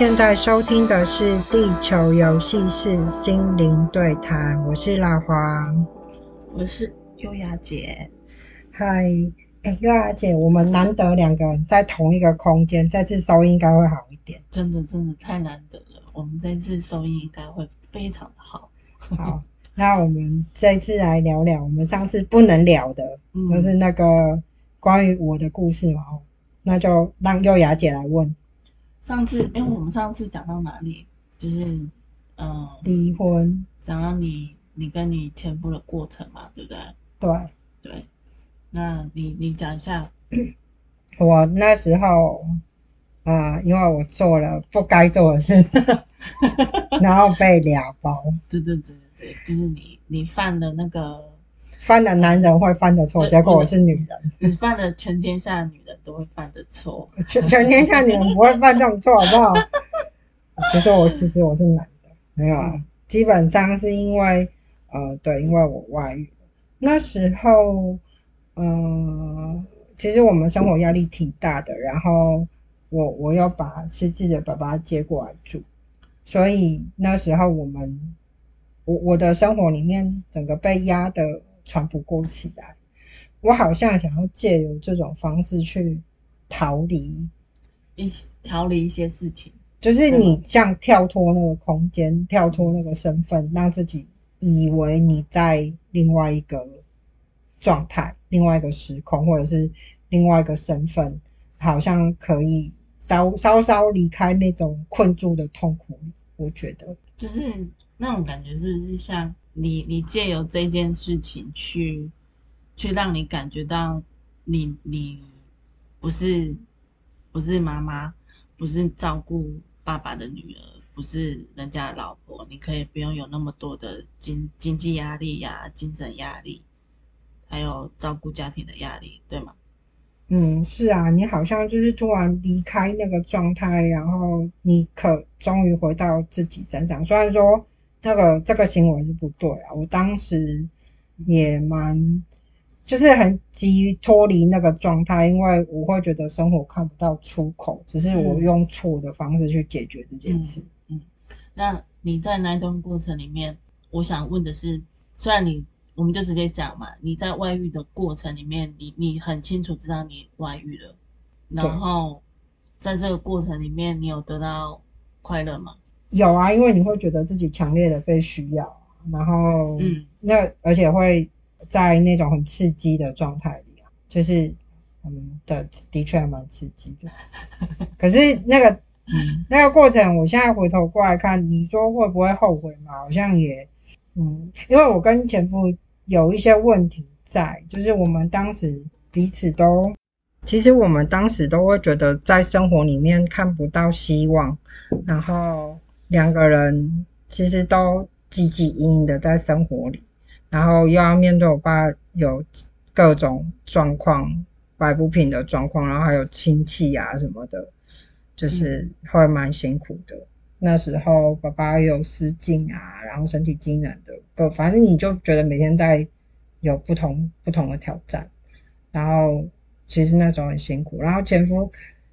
現在收聽的是《地球遊戲室》心靈對談，我是老黃，我是優雅姐。嗨，哎、欸，優雅姐，我們難得兩個人在同一個空間，這次收音應該會好一點。真的，真的太難得了，我們這次收音應該會非常的好。好， 那我們這次來聊聊，我們上次不能聊的、嗯，就是那個關於我的故事哦。那就讓優雅姐來問。上次，因為我們上次講到哪裡？就是，嗯、呃，離婚，講到你你跟你前夫的過程嘛，對不對？對對，那你你講一下，我那時候啊、呃，因為我做了不該做的事， 然後被兩包。對對對對對，就是你你犯的那個。犯了男人會犯的錯，結果我是女人。你犯了全天下的女人都會犯的錯。全，全天下女人不會犯這種錯，好不好？其 實我其實我是男的，沒有啊。嗯、基本上是因為呃，對，因為我外遇。那時候，嗯、呃，其實我們生活壓力挺大的。然後我我要把失智的爸爸接過來住，所以那時候我們我我的生活裡面整個被壓的。喘不過氣來，我好像想要借由這種方式去逃離一逃離一些事情，就是你像跳脫那個空間，跳脫那個身份，讓自己以為你在另外一個狀態、另外一個時空，或者是另外一個身份，好像可以稍稍稍離開那種困住的痛苦。我覺得，就是那種感覺，是不是像？你你借由這件事情去，去讓你感覺到你，你你不是不是媽媽，不是照顧爸爸的女兒，不是人家的老婆，你可以不用有那麼多的經經濟壓力呀、啊，精神壓力，還有照顧家庭的壓力，對嗎？嗯，是啊，你好像就是突然離開那個狀態，然後你可終於回到自己身上，雖然說。那、這個這個行為是不對啊！我當時也蠻，就是很急於脫離那個狀態，因為我會覺得生活看不到出口，只是我用錯的方式去解決這件事。嗯，嗯，那你在那一段過程裡面，我想問的是，雖然你我們就直接講嘛，你在外遇的過程裡面，你你很清楚知道你外遇了，然後在這個過程裡面，你有得到快樂嗎？有啊，因為你會覺得自己強烈的被需要，然後，嗯，那而且會在那種很刺激的狀態裡啊，就是，嗯，的的確蠻刺激的。 可是那個，嗯，那個過程，我現在回頭過來看，你說會不會後悔嘛？好像也，嗯，因為我跟前夫有一些問題在，就是我們當時彼此都，其實我們當時都會覺得在生活裡面看不到希望，然後。兩個人其實都汲汲營營的在生活裡，然後又要面對我爸有各種狀況、擺不平的狀況，然後還有親戚啊什麼的，就是會蠻辛苦的。嗯、那時候爸爸有失禁啊，然後身體機能的各，反正你就覺得每天在有不同不同的挑戰，然後其實那種很辛苦。然後前夫。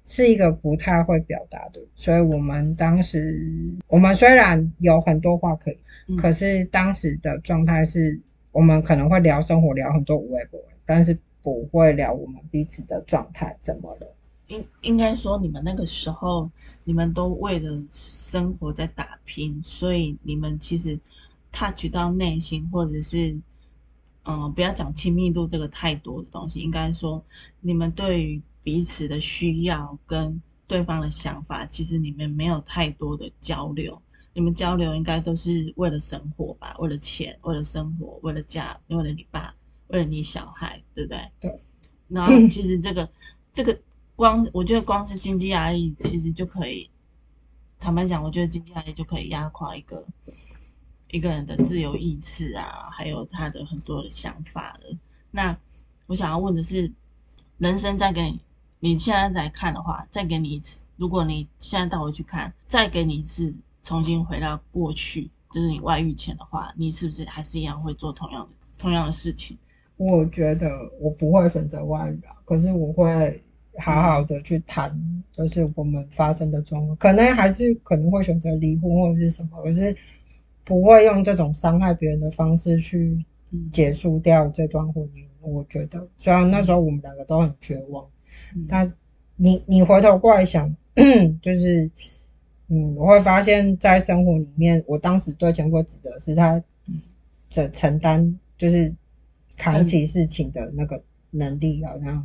是一個不太會表達的，所以我們當時，我們雖然有很多話可以、嗯，可是當時的狀態是，我們可能會聊生活，聊很多無微不，但是不會聊我們彼此的狀態怎麼了。應應該說，你們那個時候，你們都為了生活在打拼，所以你們其實 touch 到內心，或者是，嗯，不要講親密度這個太多的東西，應該說，你們對於。彼此的需要跟對方的想法，其實你們沒有太多的交流。你們交流應該都是為了生活吧，為了錢，為了生活，為了家，為了你爸，為了你小孩，對不對？對。那其實這個、嗯、這個光，我覺得光是經濟壓力，其實就可以坦白講，我覺得經濟壓力就可以壓垮一個一個人的自由意志啊，還有他的很多的想法了。那我想要問的是，人生在跟你現在在看的話，再給你一次，如果你現在倒回去看，再給你一次，重新回到過去，就是你外遇前的話，你是不是還是一樣會做同樣的同樣的事情？我覺得我不會選擇外遇，可是我會好好的去談，就是我們發生的狀況，可能還是可能會選擇離婚或者是什麼，我是不會用這種傷害別人的方式去結束掉這段婚姻。我覺得雖然那時候我們兩個都很絕望。他、嗯，你你回頭過來想， 就是，嗯，我會發現在生活裡面，我當時對前夫指責是他，這承擔就是扛起事情的那個能力啊、嗯，然後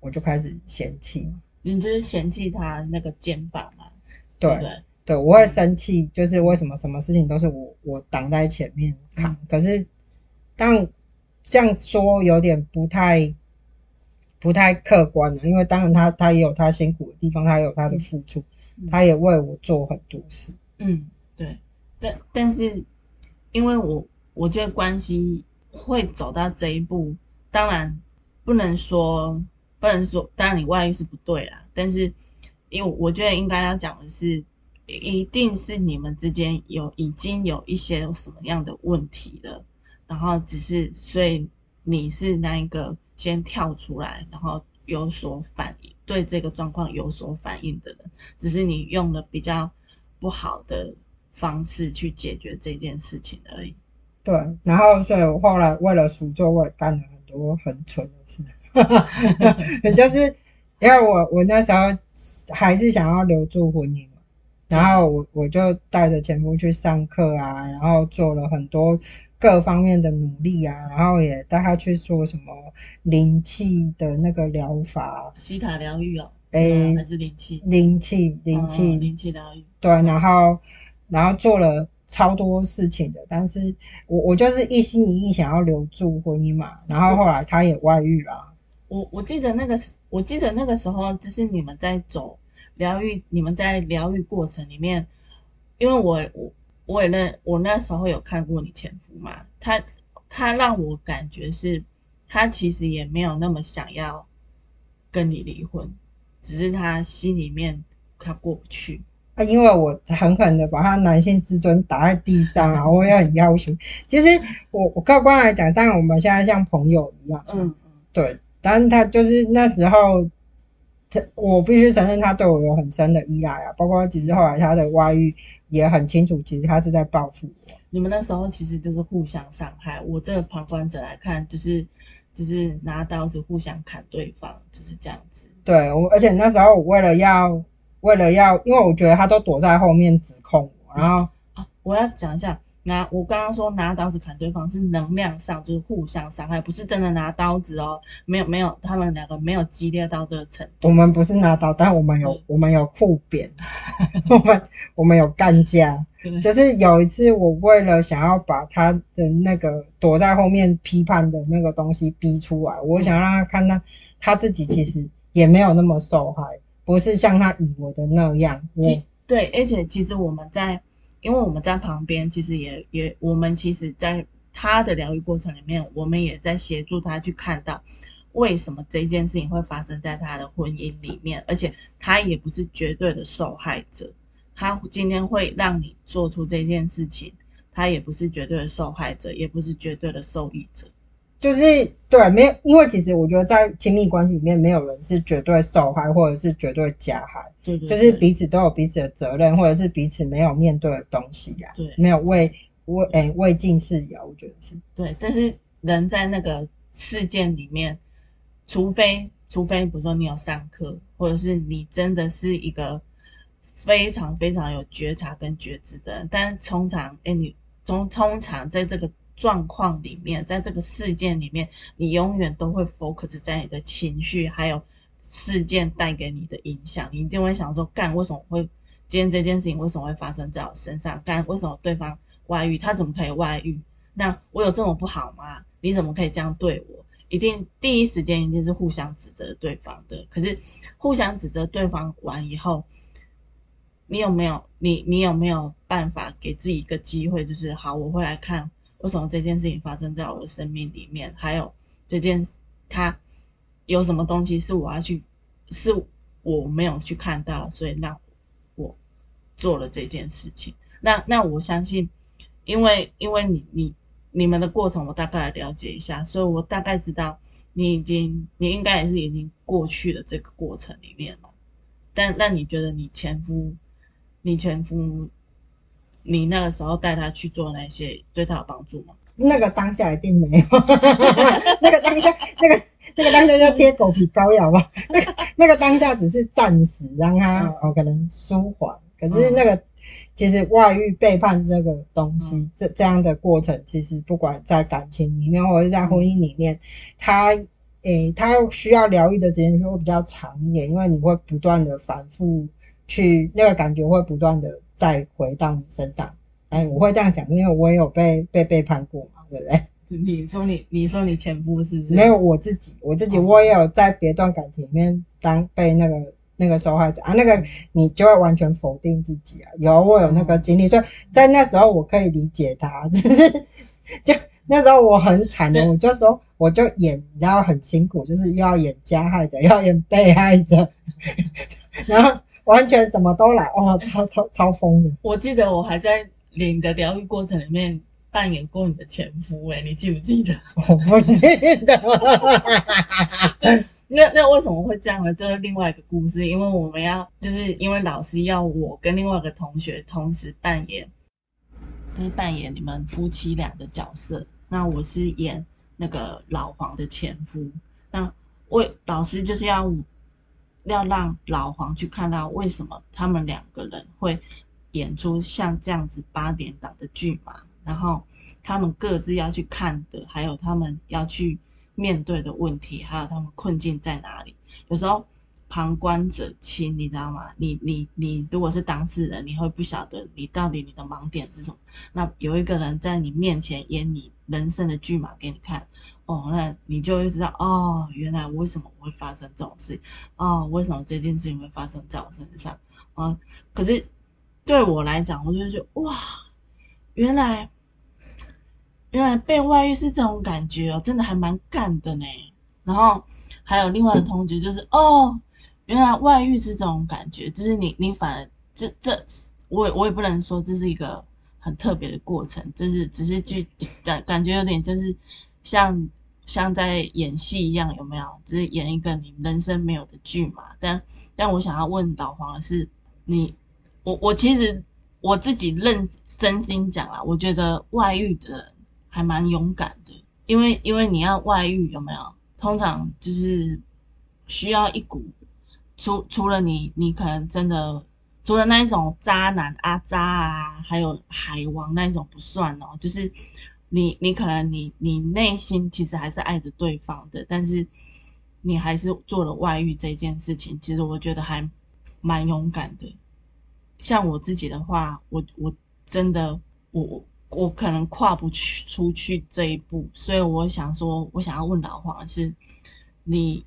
我就開始嫌棄、嗯。你就是嫌棄他那個肩膀嘛。對對，對，對，我會生氣，就是為什麼什麼事情都是我我擋在前面扛，嗯、可是，當這樣說有點不太。不太客觀了，因為當然他他也有他辛苦的地方，他也有他的付出，嗯、他也為我做很多事。嗯，對，但但是因為我我覺得關係會走到這一步，當然不能說不能說，當然你外遇是不對啦，但是因為我覺得應該要講的是，一定是你們之間有已經有一些什麼樣的問題了，然後只是所以你是那一個先跳出來，然後有所反應，對這個狀況有所反應的人，只是你用了比較不好的方式去解決這件事情而已。對，然後所以我後來為了贖罪，我也幹了很多很蠢的事， 就是因為我我那時候還是想要留住婚姻。然後我我就帶着前夫去上課啊，然後做了很多各方面的努力啊，然後也帶他去做什麼靈氣的那個療法，西塔療癒哦，誒，還是靈氣，靈氣，靈氣，哦、靈氣療癒。對，然後然後做了超多事情的，但是我我就是一心一意想要留住婚姻嘛。然後後來他也外遇啦、啊，我我，我記得那個，我記得那個時候就是你們在走。療癒，你們在療癒過程裡面，因為我我我也那我那時候有看過你前夫嘛，他他讓我感覺是，他其實也沒有那麼想要跟你離婚，只是他心裡面他過不去，啊，因為我狠狠的把他男性自尊打在地上，然後又很要求，其實我我客觀來講，當然我們現在像朋友一樣，嗯嗯，對，但是他就是那時候。我必須承認，他對我有很深的依賴啊，包括其實後來他的外遇也很清楚，其實他是在報復我。你們那時候其實就是互相傷害，我這個旁觀者來看，就是就是拿刀子互相砍對方，就是這樣子。對，我而且那時候我為了要為了要，因為我覺得他都躲在後面指控我，然後，嗯，啊，我要講一下。拿我剛剛說拿刀子砍對方是能量上就是互相傷害，不是真的拿刀子哦，沒有沒有，他們兩個沒有激烈到這個程度。我們不是拿刀，但我們有、嗯、我們有酷扁， 我們我們有幹架。就是有一次我為了想要把他的那個躲在後面批判的那個東西逼出來，我想讓他看到他自己其實也沒有那麼受害，嗯、不是像他以為的那樣。我對，而且其實我們在。因為我們在旁邊，其實也也，我們其實在他的療癒過程裡面，我們也在協助他去看到為什麼這件事情會發生在他的婚姻裡面，而且他也不是絕對的受害者，他今天會讓你做出這件事情，他也不是絕對的受害者，也不是絕對的受益者。就是對，沒有，因為其實我覺得在親密關係裡面，沒有人是絕對受害或者是絕對加害，對對對，就是彼此都有彼此的責任，或者是彼此沒有面對的東西呀、啊，對，沒有未未未盡事宜，我覺得是。對，但是人在那個事件裡面，除非除非，比如說你有上課，或者是你真的是一個非常非常有覺察跟覺知的人。但通常哎、欸，你通通常在這個。狀況裡面，在這個事件裡面，你永遠都會 focus 在你的情緒，還有事件帶給你的影響。你一定會想說，幹為什麼會今天這件事情為什麼會發生在我身上？幹為什麼對方外遇？他怎麼可以外遇？那我有這麼不好嗎？你怎麼可以這樣對我？一定第一時間一定是互相指責對方的。可是互相指責對方完以後，你有沒有你你有沒有辦法給自己一個機會？就是好，我會來看。為什麼這件事情發生在我的生命裡面？還有這件，它有什麼東西是我要去，是我沒有去看到，所以那我做了這件事情。那那我相信因，因為因為你你你們的過程，我大概了解一下，所以我大概知道你已經，你應該也是已經過去的這個過程裡面了。但那你覺得你前夫，你前夫？你那個時候帶他去做那些對他有幫助嗎？那個當下一定沒有，哈哈哈，那個當下，那 個那個當下叫貼狗皮膏藥吧？那個那個當下只是暫時讓他、嗯、哦，可能舒緩。可是那個、嗯、其實外遇背叛這個東西，嗯、這這樣的過程，其實不管在感情裡面或者在婚姻裡面，他、嗯、誒，他、欸、需要療癒的時間會比較長一點，因為你會不斷的反覆去那個感覺會不斷的。再回到你身上。哎，我會這樣講，因為我也有被被背叛過嘛，對不對？你說你，你說你前夫是不是？沒有，我自己，我自己，我也有在別段感情裡面當被那個那個受害者啊，那個你就會完全否定自己啊。有，我有那個經歷，哦，所以在那時候我可以理解他，只是就那時候我很慘的，我就說我就演，然後很辛苦，就是又要演加害者，又要演被害者，然後。 完全什麼都來哦，他他超瘋的。我記得我還在你的療癒過程裡面扮演過你的前夫、欸，誒你記不記得？我不記得。 那那為什麼會這樣呢？這是另外一個故事，因為我們要就是因為老師要我跟另外一個同學同時扮演，就是扮演你們夫妻倆的角色。那我是演那個老黃的前夫，那為老師就是要。要讓老黃去看到為什麼他們兩個人會演出像這樣子八點檔的劇碼，然後他們各自要去看的，還有他們要去面對的問題，還有他們困境在哪裡，有時候。旁觀者清，你知道嗎？你、你、你，你如果是當事人，你會不曉得你到底你的盲點是什麼。那有一個人在你面前演你人生的劇碼給你看，哦，那你就會知道哦，原來為什麼我會發生這種事情啊、哦？為什麼這件事情會發生在我身上？啊、嗯，可是對我來講，我就覺得哇，原來原來被外遇是這種感覺哦，真的還蠻乾的呢。然後還有另外的同學就是哦。原來外遇是這種感覺，就是你你反而這這，我也我也不能說這是一個很特別的過程，就是只是去感感覺有點就是像像在演戲一樣，有沒有？只是演一個你人生沒有的劇嘛。但但我想要問老黃的是，你我我其實我自己認真心講啊，我覺得外遇的人還蠻勇敢的，因為因為你要外遇有沒有？通常就是需要一股。除除了你，你可能真的除了那一種渣男阿、啊、渣啊，還有海王那一種不算哦。就是你，你可能你你內心其實還是愛着對方的，但是你還是做了外遇這件事情。其實我覺得還蠻勇敢的。像我自己的話，我我真的我我我可能跨不去出去這一步，所以我想說，我想要問老黃是，你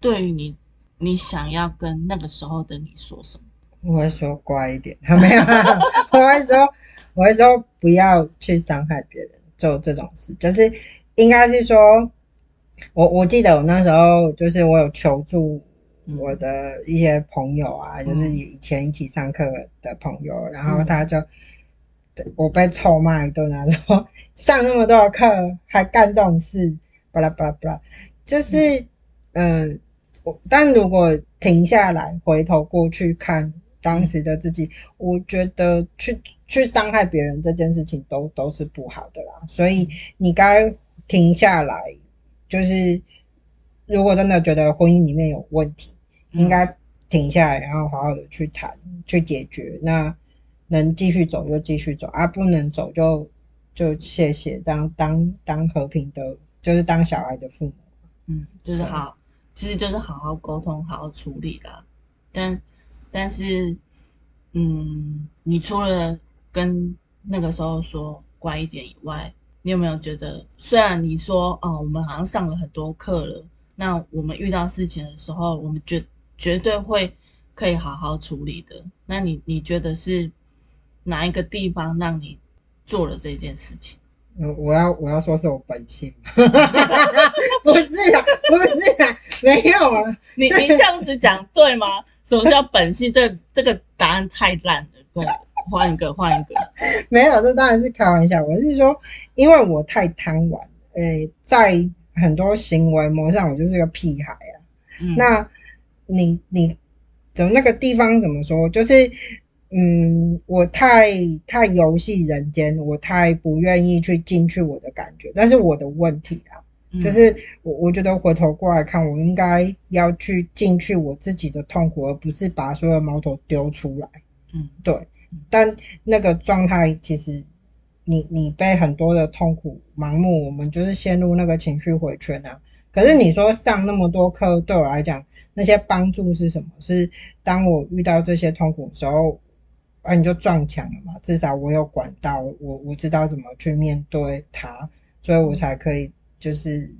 對於你。你想要跟那個時候的你說什麼？我會說乖一點，他沒有、啊？ 我會說，我會說不要去傷害別人，做這種事就是應該是說，我我記得我那時候就是我有求助我的一些朋友啊，嗯、就是以前一起上課的朋友、嗯，然後他就對我被臭罵一頓啊，說上那麼多課還幹這種事，巴拉巴拉巴拉，就是嗯。呃但如果停下來回頭過去看當時的自己，嗯、我覺得去去傷害別人這件事情都都是不好的啦。所以你該停下來，就是如果真的覺得婚姻裡面有問題，應該停下來，然後好好的去談、嗯、去解決。那能繼續走就繼續走啊，不能走就就謝謝當當當和平的，就是當小孩的父母，嗯，就是好。嗯其實就是好好溝通，好好處理啦。但，但是，嗯，你除了跟那個時候說乖一點以外，你有沒有覺得，雖然你說，哦，我們好像上了很多課了，那我們遇到事情的時候，我們絕，絕對會可以好好處理的。那你，你覺得是哪一個地方讓你做了這件事情？我要我要說是我本性 不，不是不是沒有啊？ 你你這樣子講對嗎？ 什麼叫本性？這個、這個答案太爛了，換一個換一個。一個 沒有，這當然是開玩笑。我是說，因為我太貪玩、欸，在很多行為模式上，我就是個屁孩啊。嗯、那你你怎麼那個地方怎麼說？就是。嗯，我太太遊戲人間，我太不願意去進去我的感覺。但是我的問題啊，就是我我覺得回頭過來看，我應該要去進去我自己的痛苦，而不是把所有的矛頭丟出來。嗯，對。但那個狀態其實你，你你被很多的痛苦盲目，我們就是陷入那個情緒迴圈啊。可是你說上那麼多課，對我來講，那些幫助是什麼？是當我遇到這些痛苦的時候。啊，你就撞牆了嘛？至少我有管道，我我不知道怎麼去面對它，所以我才可以就是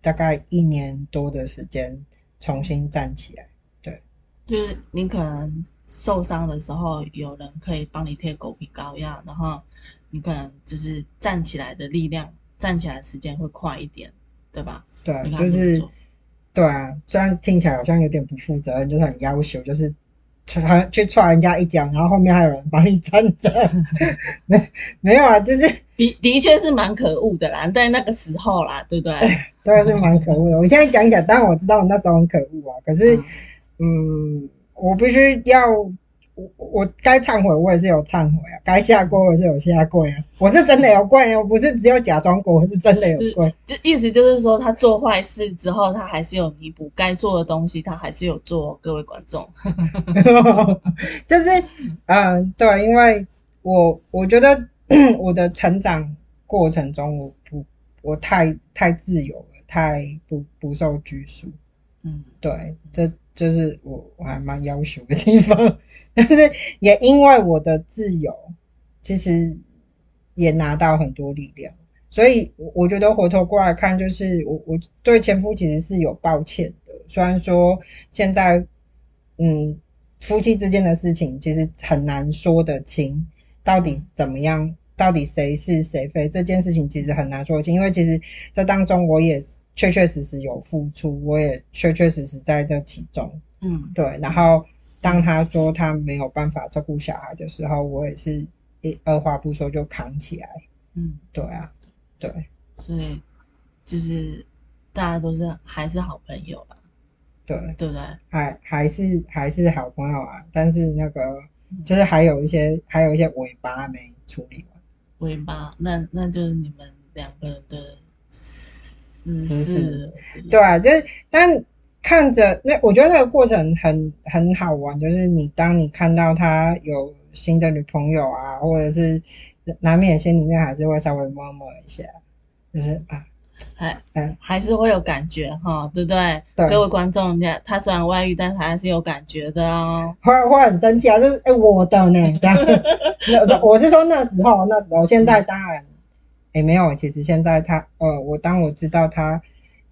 大概一年多的時間重新站起來。對，就是你可能受傷的時候，有人可以幫你貼狗皮膏藥，然後你可能就是站起來的力量、站起來時間會快一點，對吧？對啊，就是對啊，雖然聽起來好像有點不負責任，就是很要求，就是。踹去踹人家一腳，然後後面還有人幫你站着， 沒有沒有啊？就是的的確是蠻可惡的啦，在那個時候啦，對不對？對，是蠻可惡的。我現在講講，當然我知道我那時候很可惡啊，可是，啊、嗯，我必須要。我該懺悔，我也是有懺悔啊；該下跪，我是有下跪啊。我是真的有跪，欸，我不是只有假裝跪，我是真的有跪。就意思就是說，他做壞事之後，他還是有彌補該做的東西，他還是有做。各位觀眾， 就是嗯、呃，對，因為我我覺得 我的成長過程中我，我不我太太自由了，太不不受拘束。嗯，對，這。就是我我還蠻要求的地方，但是也因為我的自由，其實也拿到很多力量，所以我覺得回頭過來看，就是我我對前夫其實是有抱歉的。雖然說現在，嗯，夫妻之間的事情其實很難說得清，到底怎麼樣，到底誰是誰非，這件事情其實很難說得清，因為其實這當中我也。確確實實有付出，我也確確實實在這其中，嗯，對。然後當他說他沒有辦法照顧小孩的時候，我也是一二話不說就扛起來，嗯，對啊，對。所以就是大家都是還是好朋友啊，對，對不對？還還是還是好朋友啊，但是那個就是還有一些、嗯、還有一些尾巴沒處理完，尾巴那那就是你們兩個人的。是是、嗯、是，對啊，就是，但看着那，我覺得那個過程很很好玩。就是你當你看到他有新的女朋友啊，或者是難免心裡面還是會稍微摸摸一下，就是啊，還嗯，還是會有感覺哈，嗯，對不對，對？各位觀眾，你看，他雖然外遇，但是還是有感覺的啊，哦。會會很生氣啊，就是哎，我的呢？那 我是說那時候，那時候現在當然。嗯也、欸、沒有，其實現在他，呃，我當我知道他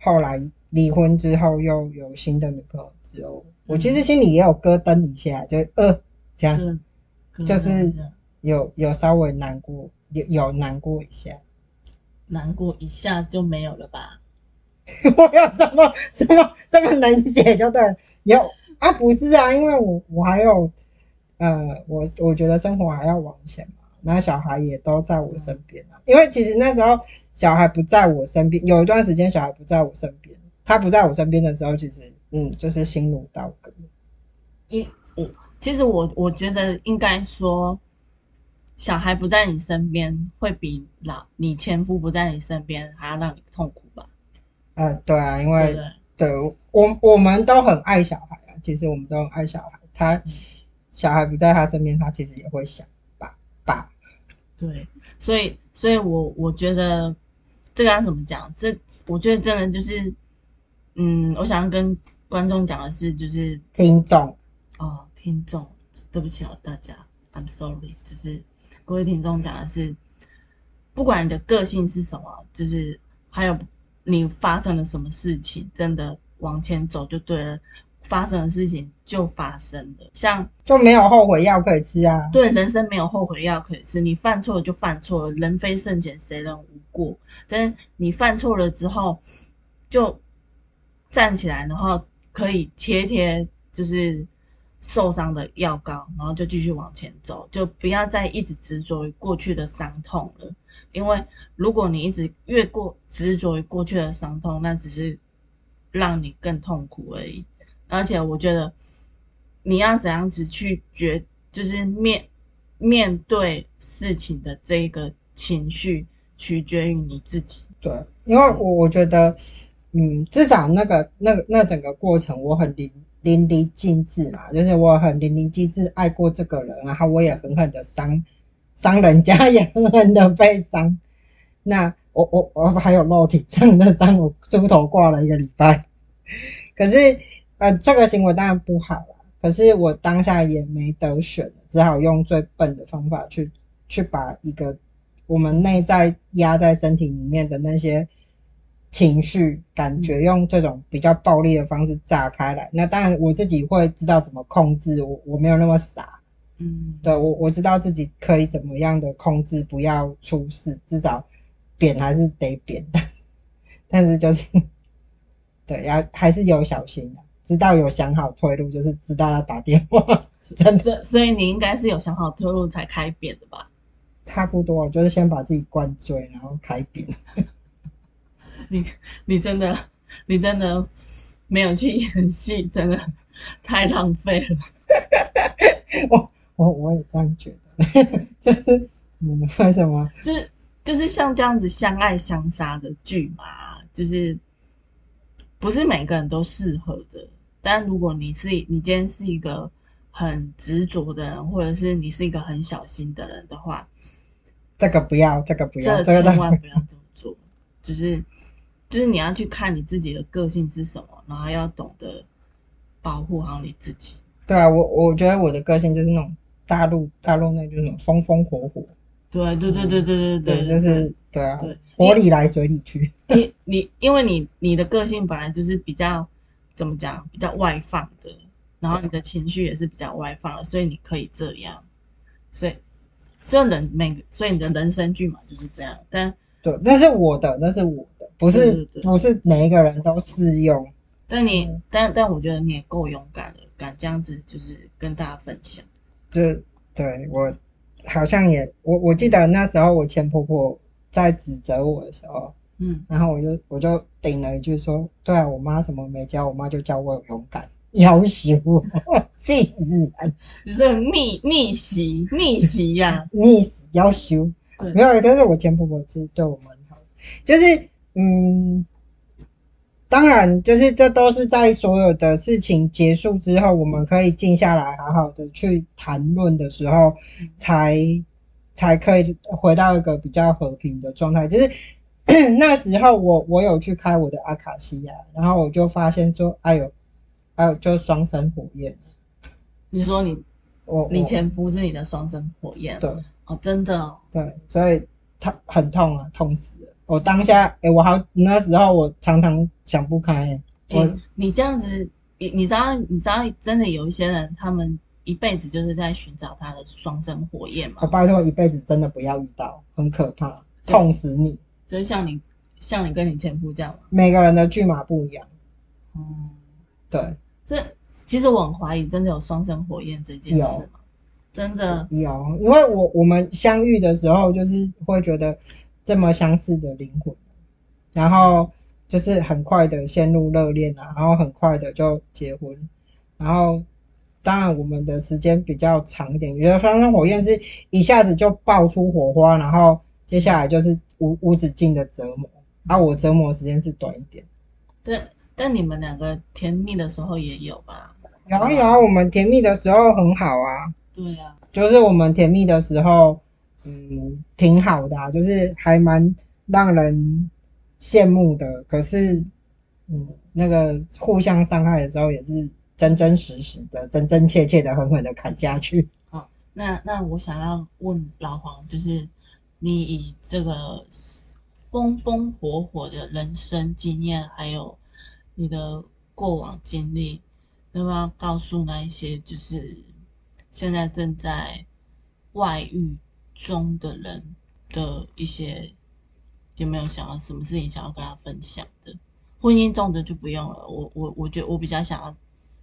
後來離婚之後又有新的女朋友之後、嗯，我其實心裡也有咯噔一下，就呃，這樣，就是有有稍微難過，有有難過一下，難過一下就沒有了吧？ 我要怎麼怎麼這麼難寫就對了，有 啊，不是啊，因為我我還有，呃，我我覺得生活還要往前。那小孩也都在我身邊啊，因為其實那時候小孩不在我身邊，有一段時間小孩不在我身邊。他不在我身邊的時候，其實嗯，就是心如刀割。一，我其實我我覺得應該說，小孩不在你身邊，會比老你前夫不在你身邊還要讓你痛苦吧？嗯，對啊，因為對，對，對，對我我們都很愛小孩啊，其實我們都很愛小孩。他小孩不在他身邊，他其實也會想。對，所以，所以我，我我覺得這個要怎麼講？這我覺得真的就是，嗯，我想要跟觀眾講的是，就是聽眾啊、哦，聽眾，對不起啊、哦，大家，I'm sorry，就是各位聽眾講的是，不管你的個性是什麼，就是還有你發生了什麼事情，真的往前走就對了。發生的事情就發生了，像就沒有後悔藥可以吃啊！對，人生沒有後悔藥可以吃，你犯錯了就犯錯了，人非聖賢，誰能無過？但是你犯錯了之後，就站起來，然後可以貼貼就是受傷的藥膏，然後就繼續往前走，就不要再一直執着於過去的傷痛了。因為如果你一直越過執着於過去的傷痛，那只是讓你更痛苦而已。而且我覺得，你要怎樣子去決，就是面面對事情的這個情緒，取決於你自己。對，因為我我覺得，嗯，至少那個、那、那整個過程，我很淋淋漓盡致嘛，就是我很淋漓盡致愛過這個人，然後我也狠狠的傷，傷人家，也狠狠的被傷。那我、我、我還有肉體上的傷，那傷我豬頭掛了一個禮拜。可是。呃，這個行為當然不好啦，可是我當下也沒得選，只好用最笨的方法去去把一個我們內在壓在身體裡面的那些情緒感覺，嗯，用這種比較暴力的方式炸開來。那當然我自己會知道怎麼控制，我我沒有那麼傻，嗯，對我我知道自己可以怎麼樣的控制，不要出事，至少扁還是得扁的，但是就是對要還是有小心的、啊。知道有想好退路，就是知道要打電話，所以你應該是有想好退路才開扁的吧？差不多，我就是先把自己灌醉，然後開扁。你你真的你真的沒有去演戲，真的太浪費了。 我我我也這樣覺得， 就是你們拍什麼？ 就是就是像這樣子相愛相殺的劇嘛，就是不是每個人都適合的。但如果你是，你今天是一個很執着的人，或者是你是一個很小心的人的話，這個不要，這個不要，這個、千萬不要這麼做， 就是，就是你要去看你自己的個性是什麼，然後要懂得保護好你自己。對啊，我我覺得我的個性就是那種大陸大陸那，就是那種什麼風風火火。對對對對對對對，對，就是對啊。對，火裡來水裡去。你 你，你因為你你的個性本來就是比較。怎麼講，比較外放的，然後你的情緒也是比較外放的，所以你可以這樣。所以，就人每個，所以你的人生劇本就是這樣。但對，那是我的，那是我的，不是，嗯，不是每一個人都適用。但你，嗯，但但我覺得你也夠勇敢了，敢這樣子就是跟大家分享。就對我好像也我我記得那時候我前婆婆在指責我的時候。嗯，然後我就我就頂了一句說，對啊，我媽什麼沒教，我媽就教我勇敢，要修，逆 然，就是逆逆襲逆襲呀，逆、啊、 要修，沒有，但是我前婆婆是對我蠻好的，就是嗯，當然，就是這都是在所有的事情結束之後，我們可以靜下來好好的去談論的時候，嗯、才才可以回到一個比較和平的狀態，就是。 那時候我我有去開我的阿卡西亞，然後我就發現說，哎呦，還、哎、有就是雙生火焰。你說你我，我你前夫是你的雙生火焰？對，哦，真的。哦。對，所以他很痛啊，痛死。我當下，哎、欸，我好那時候我常常想不開。我、嗯、你這樣子，你你知道你知道真的有一些人，他們一輩子就是在尋找他的雙生火焰嘛。我拜託，一輩子真的不要遇到，很可怕，痛死你。就像你，像你跟你前夫這樣嗎？每個人的劇碼不一樣。哦、嗯，對，這其實我很懷疑，真的有雙生火焰這件事。真的有，有，因為我我們相遇的時候，就是會覺得這麼相似的靈魂，然後就是很快的陷入熱戀啊，然後很快的就結婚，然後當然我們的時間比較長一點，我覺得雙生火焰是一下子就爆出火花，然後。接下來就是無無止境的折磨啊！我折磨時間是短一點，對，但你們兩個甜蜜的時候也有吧？有啊，有啊，我們甜蜜的時候很好啊。對啊，就是我們甜蜜的時候，嗯，挺好的啊，就是還蠻讓人羨慕的。可是，嗯，那個互相傷害的時候，也是真真實實的、真真切切的、狠狠的砍下去。好，那那我想要問老黃，就是。你以這個風風火火的人生經驗，還有你的過往經歷，那要不要告訴那一些就是現在正在外遇中的人的一些？有沒有想要什麼事情想要跟他分享的？婚姻中的就不用了。我我我覺得我比較想要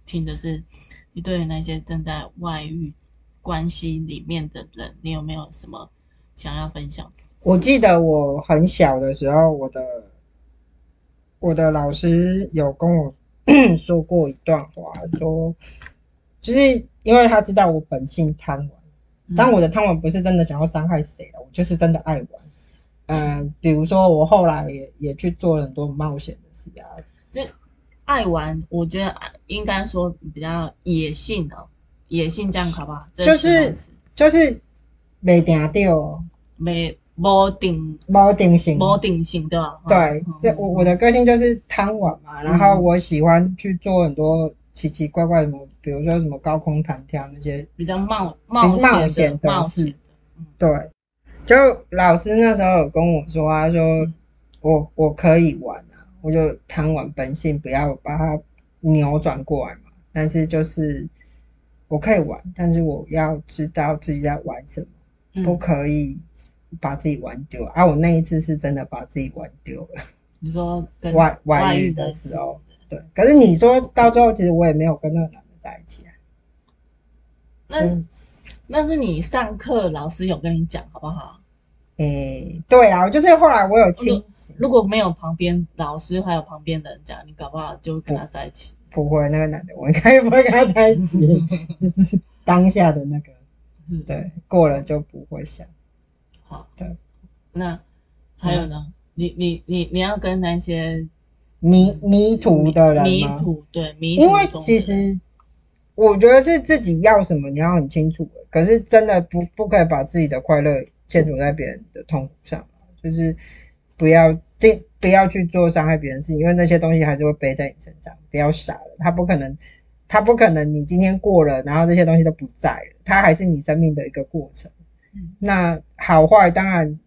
聽的是，你對於那些正在外遇關係裡面的人，你有沒有什麼？想要分享。我記得我很小的時候，我的我的老師有跟我 說過一段話說，說就是因為他知道我本性貪玩、嗯，但我的貪玩不是真的想要傷害誰了，我就是真的愛玩。嗯、呃，比如說我後來也也去做很多冒險的事啊，就愛玩。我覺得應該說比較野性的，野性這樣好不好？就是就是。就是沒定着、喔，沒，沒定沒定性，沒定性的、啊。對，嗯、這我我的個性就是貪玩嘛、嗯，然後我喜歡去做很多奇奇怪怪的，比如說什麼高空彈跳那些，比較冒冒險的冒險。對，就老師那時候有跟我說啊，啊、嗯，說我我可以玩啊，我就貪玩本性，不要把它扭轉過來嘛。但是就是我可以玩，但是我要知道自己在玩什麼。嗯、不可以把自己玩丟啊！我那一次是真的把自己玩丟了。你說外外遇的時候，的時候、嗯，對。可是你說到最後，其實我也沒有跟那個男的在一起啊。那那是你上課老師有跟你講好不好？哎、欸，對啊，就是後來我有聽。如果沒有旁邊老師還有旁邊的人講，你搞不好就跟他在一起。不會，那個男的，我應該也不會跟他在一起。 當下的那個。是的對，過了就不會想。好，對，那還有呢？嗯、你你你你要跟那些迷迷途的人迷，迷途對迷途的人，因為其實我覺得是自己要什麼你要很清楚，可是真的不不可以把自己的快樂建築在別人的痛苦上，就是不要這，不要去做傷害別人事情，因為那些東西還是會背在你身上。不要傻了，他不可能。他不可能，你今天過了，然後這些東西都不在了，他還是你生命的一個過程。嗯，那好壞，當然，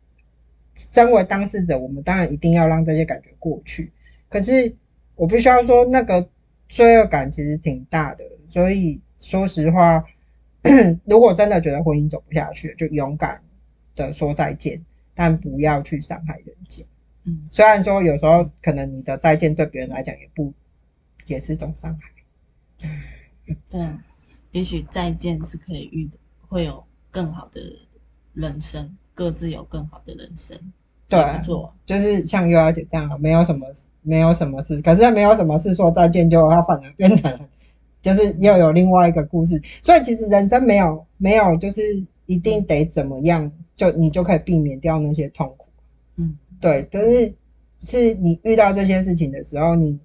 身為當事者，我們當然一定要讓這些感覺過去。可是，我必須要說，那個罪惡感其實挺大的。所以，說實話， 如果真的覺得婚姻走不下去，就勇敢的說再見，但不要去傷害人間。嗯，雖然說有時候可能你的再見對別人來講也不也是一種傷害。對、啊。也許再見是可以遇的，會有更好的人生，各自有更好的人生。對、啊啊，就是像月牙姐這樣，沒有什麼沒有什麼事，可是沒有什麼事說再見，就它反而變成就是又有另外一個故事。所以其實人生沒有沒有，就是一定得怎麼樣，就你就可以避免掉那些痛苦。嗯，對。可是是你遇到這些事情的時候，你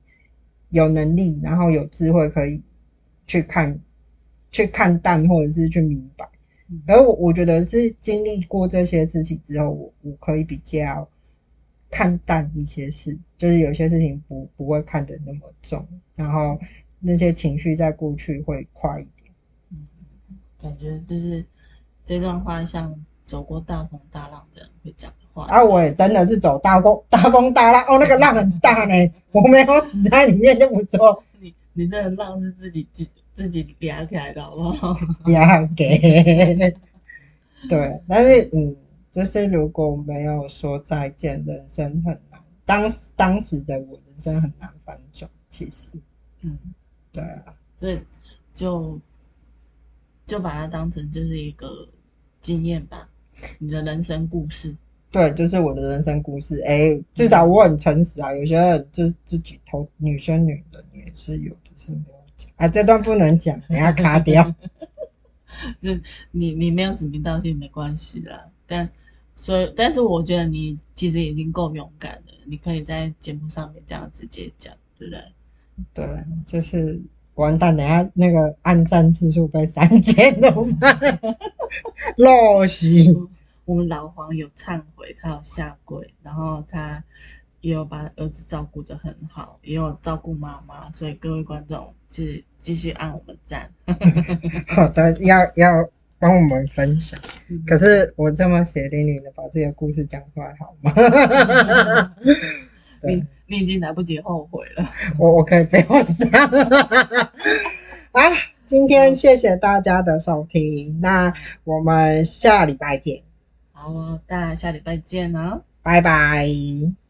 有能力，然後有智慧，可以。去看，去看淡，或者是去明白。而我，我覺得是經歷過這些事情之後，我我可以比較看淡一些事，就是有些事情不不會看得那麼重。然後那些情緒在過去會快一點。嗯，感覺就是這段話像走過大風大浪的人會講的話。啊，我也真的是走大風大風大浪哦，那個浪很大呢， 我沒有死在裡面就不錯。你這個浪是自己自自己嗲起來的好不好？撩給 對。但是，嗯，就是如果沒有說再見，人生很難。當當時的我，人生很難翻轉。其實，嗯，對啊，對，就就把它當成就是一個經驗吧，你的人生故事。對，就是我的人生故事。哎，至少我很誠實啊。有些人就是自己投女生、女的也是有的，是沒有講。講啊。這段不能講，等下卡掉。 就你你沒有指名道姓沒關係啦。但所以，但是我覺得你其實已經夠勇敢了。你可以在節目上面這樣直接講，對不對？對，就是完蛋，等下那個按讚次數被三千怎麼辦？老 我們老黃有懺悔，他有下跪，然後他也有把兒子照顧得很好，也有照顧媽媽，所以各位觀眾就繼續按我們讚。 好的，要要幫我們分享、嗯。可是我這麼血淋淋的把這個故事講出來，好嗎？ 你 你已經來不及後悔了。我我可以不要講。啊 今天謝謝大家的收聽，那我們下禮拜見。好、哦，大家下禮拜見嘍、哦，拜拜。